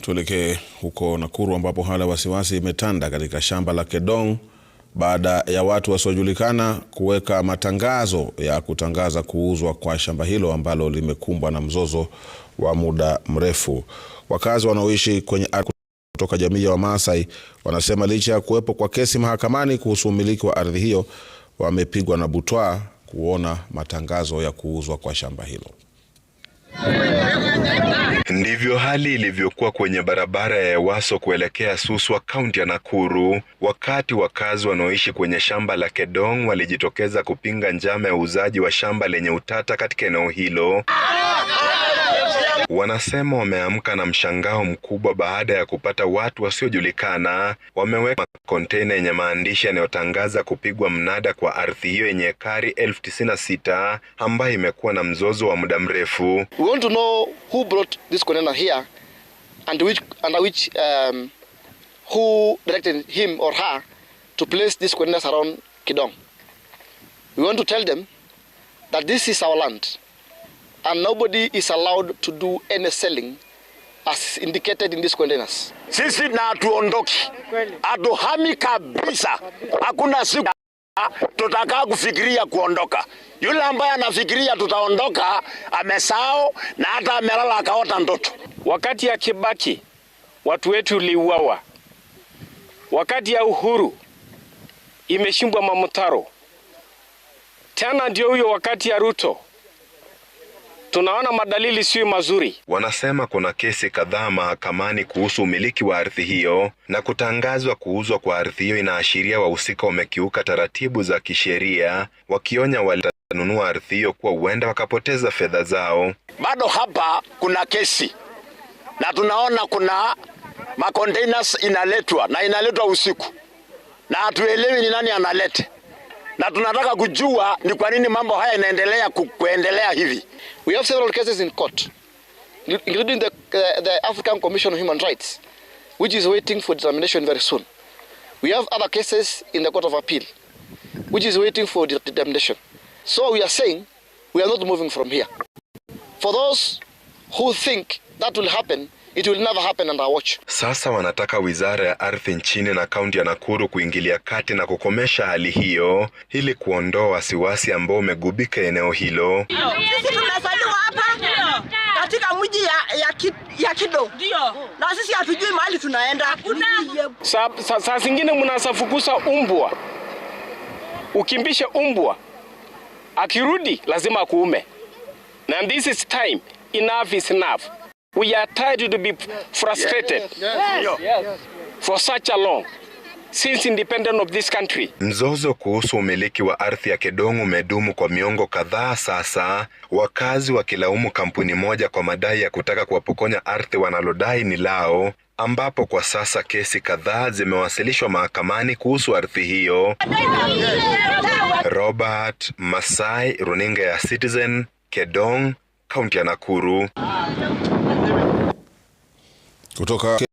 Tuelekee huko Nakuru ambapo hali ya wasiwasi imetanda katika shamba la Kedong baada ya watu wasiojulikana kuweka matangazo ya kutangaza kuuzwa kwa shamba hilo ambalo limekumbwa na mzozo wa muda mrefu. Wakazi wanaoishi kwenye kutoka jamii ya wamaasai wanasema licha ya kuwepo kwa kesi mahakamani kuhusu umiliki wa ardhi hiyo, wamepigwa na butwa kuona matangazo ya kuuzwa kwa shamba hilo. Ndivyo hali ilivyokuwa kwenye barabara ya Ewaso kuelekea Suswa, kaunti ya Nakuru, wakati wakazi wanaoishi kwenye shamba la Kedong walijitokeza kupinga njama ya uuzaji wa shamba lenye utata katika eneo hilo Wanasema wameamka na mshangao mkubwa baada ya kupata watu wasiojulikana wameweka kontena yenye maandishi yanayotangaza kupigwa mnada kwa ardhi hiyo yenye ekari elfu tisini na sita ambayo imekuwa na mzozo wa muda mrefu. We want to know who brought this container here and which, which, um, who directed him or her to place this around Kidong. We want to tell them that this is our land and nobody is allowed to do any selling as indicated in these containers. Sisi na hatuondoki, atuhami kabisa. Hakuna siku tutakaa kufikiria kuondoka. Yule ambaye anafikiria tutaondoka amesao na hata amelala akaota ndoto. Wakati ya Kibaki watu wetu liuawa, wakati ya Uhuru imeshimbwa mamutaro, tena ndio huyo wakati ya Ruto tunaona madalili siyo mazuri. Wanasema kuna kesi kadhaa mahakamani kuhusu umiliki wa ardhi hiyo, na kutangazwa kuuzwa kwa ardhi hiyo inaashiria wahusika wamekiuka taratibu za kisheria, wakionya watanunua ardhi hiyo kuwa huenda wakapoteza fedha zao. Bado hapa kuna kesi na tunaona kuna makontainers inaletwa na inaletwa usiku na hatuelewi ni nani analete na tunataka kujua ni kwa nini mambo haya inaendelea kuendelea hivi. We have several cases in court including the, uh, the African Commission on Human Rights which is waiting for determination very soon. We have other cases in the Court of Appeal which is waiting for determination. So we are saying we are not moving from here. For those who think that will happen It will never happen under watch. Sasa wanataka wizara ya ardhi nchini na kaunti ya Nakuru kuingilia kati na kukomesha hali hiyo ili kuondoa wasiwasi ambao umegubika eneo hilo. Sisi tumezaliwa hapa katika mji ya, ya, ki, ya Kido na sisi hatujui mahali tunaenda. Saa sa, sa zingine mnasafukusa umbwa, ukimbishe umbwa, akirudi lazima akuume, na this is time, enough is enough. We are tired to be frustrated for such a long Since independent of this country. Mzozo kuhusu umiliki wa ardhi ya Kedong umedumu kwa miongo kadhaa sasa, wakazi wakilaumu kampuni moja kwa madai ya kutaka kuwapokonya ardhi wanalodai ni lao, ambapo kwa sasa kesi kadhaa zimewasilishwa mahakamani kuhusu ardhi hiyo. Robert Masai, runinga ya Citizen, Kedong, kaunti ya Nakuru. Kutoka